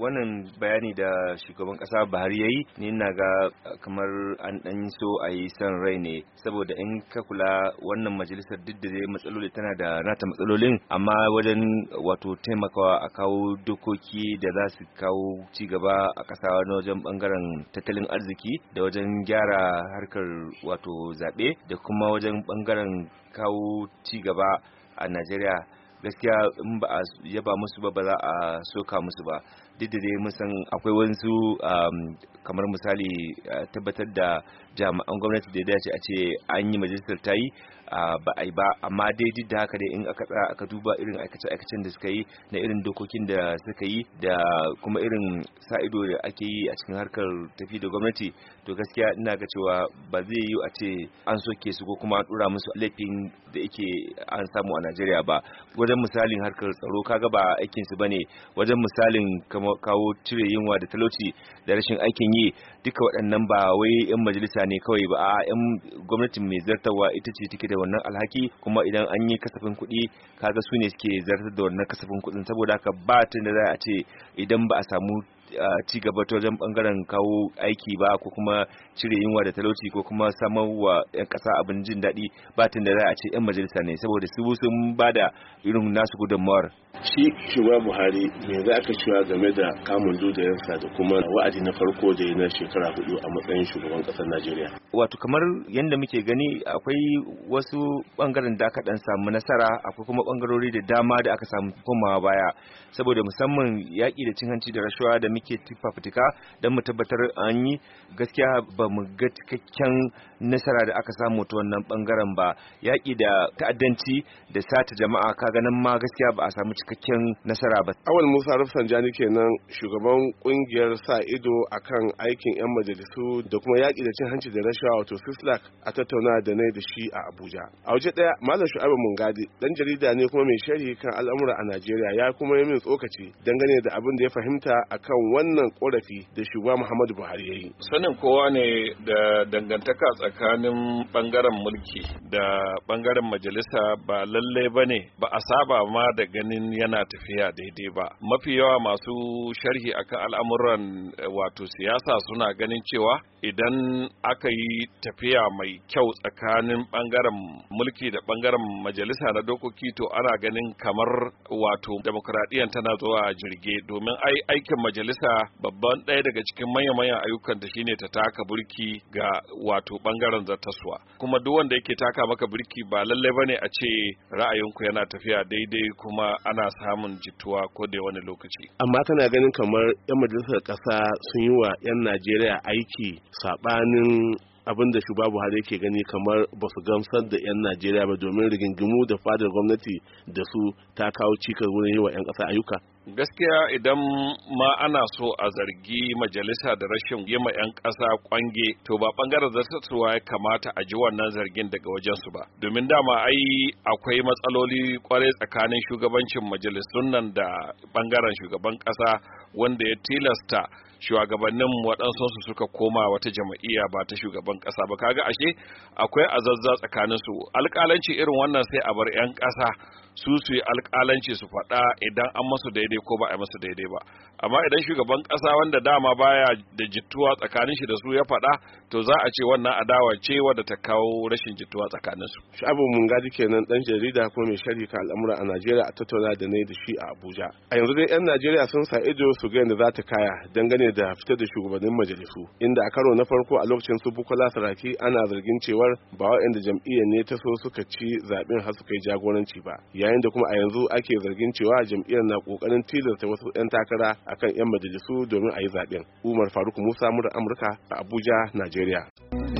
wannan bayani da shugaban kasa Buhari yayi ni na ga kamar an dan so a yi san rai ne saboda in ka kula wannan majalisar duk da zai matsaloli tana da nata matsalolin amma wajen wato taimakawa a kawo dokoki da za su kawo ci gaba a kasa na wajen bangaren tattalin arziki da wajen gyara harkar wato zaɓe da kuma wajen bangaren kawo ci gaba a Najeriya gaskiya in ba a yaba musu ba ba za a soka musu ba duk dai mun san akwai wasu um, kamar misali tabbatar da jami'an gwamnati da ya dace a ce an yi majalisar ta yi ba a yi ba amma daidai da haka dai in aka tsaya aka duba irin aikace-aikacen da suka yi na irin dokokin da suka yi da kuma irin sa'ido da ake yi a cikin harkar tafi da gwamnati to gaskiya ina ga cewa ba zai yi a ce an soke su ko kuma an dura musu laifin da yake an samu a Najeriya ba wajen misalin harkar tsaro kaga ba aikin su bane wajen misalin kawo cire yunwa da talauci da rashin aikin yi duka waɗannan ba wai yan majalisa ne kawai ba a yan gwamnatin mai zartawa ita ce take da wannan alhaki kuma idan an yi kasafin kuɗi kaga su ne suke zartar da wannan kasafin kuɗin saboda haka ba ta da za a ce idan ba a samu ci gaba ta wajen bangaren kawo aiki ba ko kuma cire yunwa da talauci ko kuma samar wa 'yan kasa abin jin daɗi ba da za a ce 'yan majalisa ne saboda su sun ba da irin nasu gudunmawar shi shugaba buhari me za ka cewa game da kamun dudayensa da kuma wa'adi na farko da ya na shekara hudu a matsayin shugaban kasar najeriya wato kamar yadda muke gani akwai wasu bangaren da aka dan samu nasara akwai kuma bangarori da dama da aka samu komawa baya saboda musamman yaƙi da cin hanci da rashawa da muke fafutuka don mu tabbatar an yi gaskiya ba mu ga cikakken nasara da aka samu ta wannan bangaren ba yaƙi da ta'addanci da sata jama'a ka ganin ma gaskiya ba a samu cikakken nasara ba. Awal Musa jani kenan shugaban kungiyar sa ido akan aikin 'yan majalisu da kuma yaƙi da cin hanci da rashawa wato Sislak a tattauna da nai da shi a Abuja. A waje ɗaya Malam Shu'aibu Mungadi dan jarida ne kuma mai sharhi kan al'amura a Najeriya ya kuma yi min tsokaci dangane da abin da ya fahimta akan wannan korafi da shugaba Muhammadu Buhari ya yi. Sanin kowa ne da dangantaka tsakanin bangaren mulki da bangaren majalisa ba lallai ba ne ba a saba ma da ganin yana tafiya daidai ba mafi yawa masu sharhi akan al'amuran eh, wato siyasa suna ganin cewa idan aka yi tafiya mai kyau tsakanin bangaren mulki da bangaren majalisa na dokoki to ana ganin kamar wato demokradiyyar tana zuwa jirge domin ai aikin majalisa babban ɗaya daga cikin manya-manyan ayyukan ta shine ta taka burki ga wato bangaren zartaswa kuma duk wanda yake taka maka burki ba lallai bane a ce ra'ayinku yana tafiya daidai kuma ana ana samun jituwa ko da wani lokaci amma tana ganin kamar yan majalisar ƙasa sun yi wa yan najeriya aiki saɓanin abin da shugaba buhari yake gani kamar ba su gamsar da 'yan najeriya ba domin rigingimu da fadar gwamnati da su ta kawo cikar wurin yi wa 'yan ƙasa ayyuka gaskiya idan ma ana so a zargi majalisa da rashin yi ma 'yan ƙasa kwange to ba ɓangaren zartaswa ya kamata a ji wannan zargin daga wajensu ba domin dama ai akwai matsaloli kwarai tsakanin shugabancin majalisun nan da ɓangaren shugaban ƙasa wanda ya tilasta shugabannin waɗansu su suka koma wata jam'iyya ba ta shugaban ƙasa ba kaga ashe akwai azazza tsakanin su alƙalanci irin wannan sai a bar 'yan ƙasa su su yi alƙalanci su faɗa idan an masu daidai ko ba a masu daidai ba amma idan shugaban ƙasa wanda dama baya da jituwa tsakanin shi da su ya faɗa to za a ce wannan adawa ce wadda ta kawo rashin jituwa tsakanin su shabu mun gadi kenan dan jarida ko mai sharika al'amura a Najeriya a tattauna da ne da shi a Abuja a yanzu dai 'yan Najeriya sun sa ido su ga yadda za ta kaya dangane da fita da shugabannin majalisu inda a karo na farko a lokacin su bukola saraki ana zargin cewar ba waɗanda jam'iyyar ne ta so suka ci zaɓen har suka yi jagoranci ba yayin da kuma a yanzu ake zargin cewa jam'iyyar na ƙoƙarin tilasta wasu 'yan takara akan 'yan majalisu domin a yi zaɓen umar faruk musa murar amurka a abuja najeriya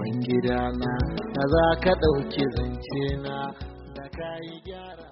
Ubangidana, da za ka ɗauki zance na da ka yi gyara.